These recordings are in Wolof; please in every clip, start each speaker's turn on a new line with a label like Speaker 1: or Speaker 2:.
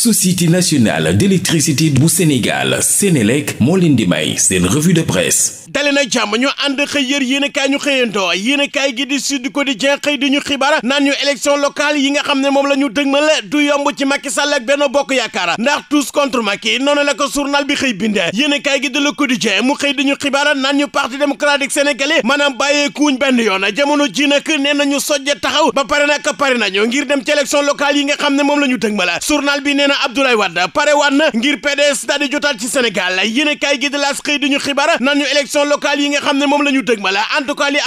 Speaker 1: société nationale d'électricité bu Sénégal Sénélec moo leen di may seen revue de presse dale na ñu ànd xëy yër yéenekaay ñu xëyantoo yéenekaay gi di Sud Quotidien xëy di ñu xibaar naan ñu élection locale yi nga xam ne moom la ñu dëgmal du yomb ci Macky Sall ak Benno Bokk Yaakaar ndax tous contre Macky noonu la ko journal bi xëy bindee yéenekaay gi di Le Quotidien mu xëy di ñu xibaar naan ñu Parti démocratique sénégalais maanaam bàyyeekuuñ benn yoon jamono ji nag nee nañu sojje taxaw ba pare nag pare nañu ngir dem ci élection locale yi nga xam ne moom la ñu dëgmal journal bi na Abdoulaye Wade na ngir PDS daal di jotaat ci Sénégal yéen kaay gi di laas xëy di ñu xibaar naan ñu élection yi nga xam ne moom la ñu dëgmal en tout cas li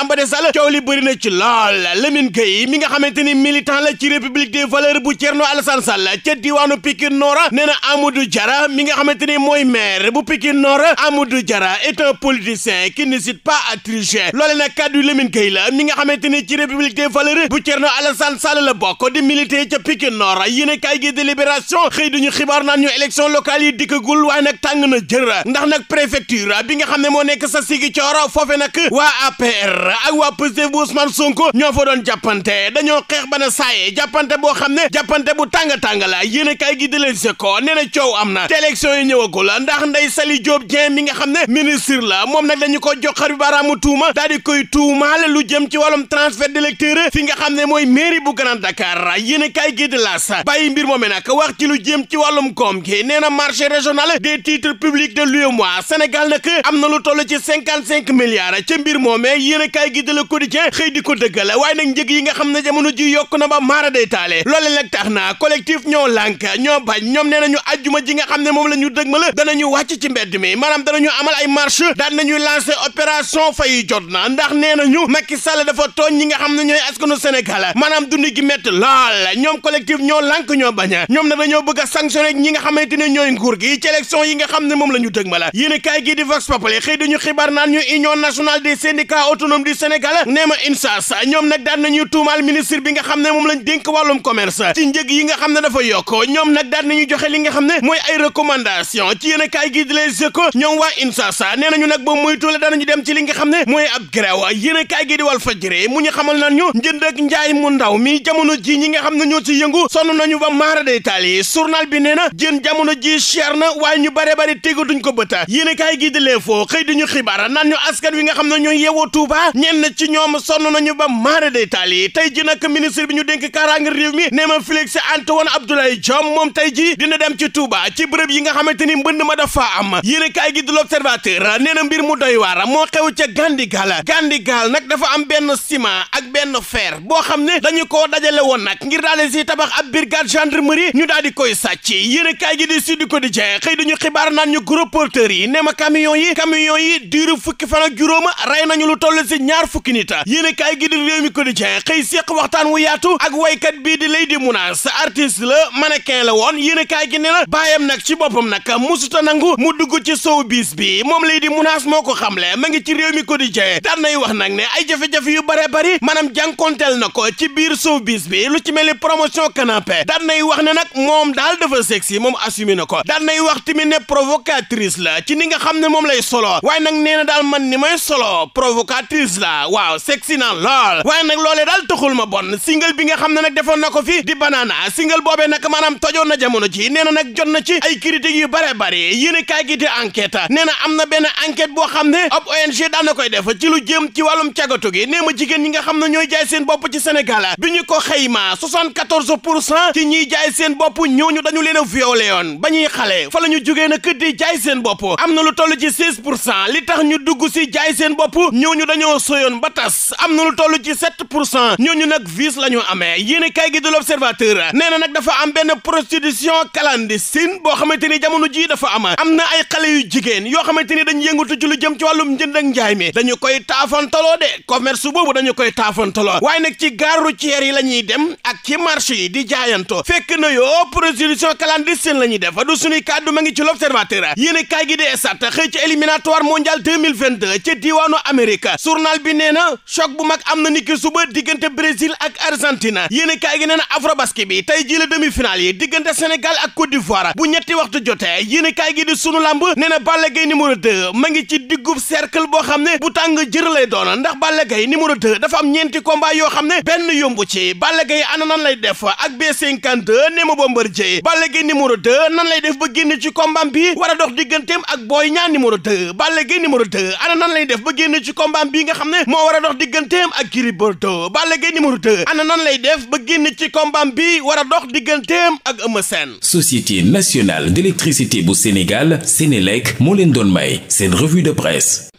Speaker 1: coow li bëri ci lool Lamine Gueye mi nga xamante ni militant la ci République des valeurs bu Thierno Alassane Sall ca diwaanu Pikine Nord nee na Amadou Diarra mi nga xamante ni mooy maire bu Pikine Nord Amadou Diarra est un politicien qui n'hésite pas à tricher loole nag kàddu Lamine Gueye la mi nga xamante ni ci République des valeurs bu Thierno Alassane Sall la bokk di ca Pikine Nord yéen kaay xëy dañu xibaar naan ñu élection locale yi dikkagul waaye nag tàng na jër ndax nag préfecture bi nga xam ne moo nekk sa Ziguinchor foofe nag waa APR ak waa Pastef bu Ousmane Sonko ñoo fa doon jàppante dañoo xeex ba na saaye jàppante boo xam ne jàppante bu tàng-tàng la yéen kay gi di leen si ko nee na coow am na te élection yi ñëwagul ndax ndey Saly Diop Dieng mi nga xam ne ministre la moom nag dañu ko jox xar bi baaraamu tuuma daal di koy tuumaale jëm ci wàllum transfert d'électeurs fi nga xam ne mooy mairie bu Grand Dakar yéen kay gi di laas bàyyi mbir moome nag wax jëm ci wàllum koom gi nee na marché régional des titres publics de l'UEMOA Sénégal nag am na lu toll ci cinquante cinq milliards ca mbir moomee yéen a kaay gi de Le Quotidien xëy di ko dëggal waaye nag njëg yi nga xam ne jamono ji yokk na ba maara day taale loole nag tax na collectif ñoo lànk ñoo bañ ñoom nee nañu ajjuma ji nga xam ne moom la ñu dëgmal danañu wàcc ci mbedd mi maanaam danañu amal ay marche daan nañu lancer opération fay jot na ndax nee nañu Macky Sall dafa tooñ ñi nga xam ne ñooy askanu Sénégal maanaam dund gi métti lool ñoom collectif ñoo lànk bëgg a sanctionné ñi nga xam ne moom la ñu dëgmal yéen kaay gi di Vox Populi xëy dañu xibaar naan ñu union nationale des syndicats autonomes du Sénégal nee INSAS ñoom nag daan nañu tuumaal ministre bi nga xam ne moom lañ dénk wàllum commerce ci njëg yi nga xam ne dafa yokk ñoom nag daan nañu joxe li nga xam ne mooy ay recommandation ci yéen kaay gi di Les ñoom waa INSAS nee nañu nag ba muy tuule daanañu dem ci li nga xam ne mooy ab grève yéen kaay journal bi nee na jën jamono ji cher na waaye ñu bare bari tegatuñ ko bëta yéen kaay gi di l'info xëy di ñu xibaar naan askan wi nga xam ne ñoo yeewoo Touba ñenn ci ñoom sonn nañu ba maara day taal yi tey ji nag ministre bi ñu dénk kaaraange réew mi nee ma Félix Antoine Abdoulaye Diome moom tey ji dina dem ci Touba ci bërëb yi nga xamante ni mbënd ma dafa am yéen kaay gi di l'observateur nee na mbir mu doy waar moo xew ca Gandigal Gandigal nag dafa am benn ciment ak benn fer boo xam ne dañu koo dajale woon nag ngir daal si tabax ab brigade gendarmerie ñu daal di koy koy sàcc yéen kaay gi di Sud Quotidien xëy dañu xibaar naan ñu gros porteurs yi ne ma camion yi camion yi diiru fukki fan ak juróom rey nañu lu toll si ñaar fukki nit yéen kaay gi di Rewmi Quotidien xëy séq waxtaan wu yaatu ak waykat bii di Lady Mounass artiste la mannequin la woon yéen kaay gi ne na baayam nag ci boppam nag musuta nangu mu dugg ci showbiz bi moom Lady Mounass moo ko xamle ma ngi ci Rewmi Quotidien daan nay wax nag ne ay jafe-jafe yu bare bari maanaam na ci biir showbiz bi lu ci mel ni promotion canapé daal dafa sexy moom assumé na ko daan nay wax tamit ne provocatrice la ci ni nga xam ne moom lay solo waaye nag nee na daal man ni may solo provocatrice la waaw sexy na lool waaye nag loolee daal taxul ma bon single bi nga xam ne nag defoon na ko fi di banana single boobee nag maanaam tojoon na jamono ci nee na nag jot na ci ay critiques yu bare bare yéen a kaay gi di enquête nee na am na benn enquête boo xam ne ab ONG daan koy def ci lu jëm ci wàllum cagatu gi nee ma jigéen ñi nga xam ne ñooy jaay seen bopp ci Sénégal bi ñu ko xayma 74 pour cent ci jaay seen bopp ñooñu dañu leen a violé yoon ba ñuy xale fa la ñu jógee jaay seen bopp am na lu toll ci 16 pour cent li tax ñu dugg si jaay seen bopp ñu dañoo soyoon ba tas am na lu toll ci 7 pour cent ñooñu nag vice la ñu amee yéen kay gi du l'observateur nee na nag dafa am benn prostitution clandestine boo xamante ni jamono ji dafa am am na ay xale yu jigéen yoo xamante ni dañu yëngatu ci lu jëm ci wàllum njënd ak njaay mi dañu koy taafantaloo de commerce boobu dañu koy taafantaloo waaye nag ci gare routière yi la ñuy dem ak ci marché yi di jaayanto résolution clandestine la ñuy def du suñuy kàddu ma ngi ci l'observateur yéen a kaay gi di esat xëy ci éliminatoire mondial 2022 ci diwaanu Amérique journal bi nee na bu mag am na niki suba diggante Brésil ak Argentine yéen a kaay gi nee na Afrobasket bi tey jii la demi-finale yi diggante Sénégal ak Côte d'Ivoire bu ñetti waxtu jotee yéen a kaay gi di sunu lamb nee na Balla Gaye numéro 2 ma ngi ci diggub cercle boo xam ne bu tàng jër lay doon ndax Balla Gaye numéro 2 dafa am ñeenti combat yoo xam ne benn yombu ci Balla Gaye ana nan lay def ak B52 ne Gueye Balla Gaye numéro 2 nan lay def ba génn ci combat bi wara a dox digganteem ak Boy ñaan numéro 2 Balla Gaye numéro 2 ana nan lay def ba génn ci combat bii nga xam ne moo war a dox digganteem ak Gris Bordeaux Balla Gaye numéro 2 ana nan lay def ba génn ci combat bi wara a dox digganteem ak Eumeu Sène Société nationale d'électricité bu Sénégal Sénélec moo leen doon may seen revue de presse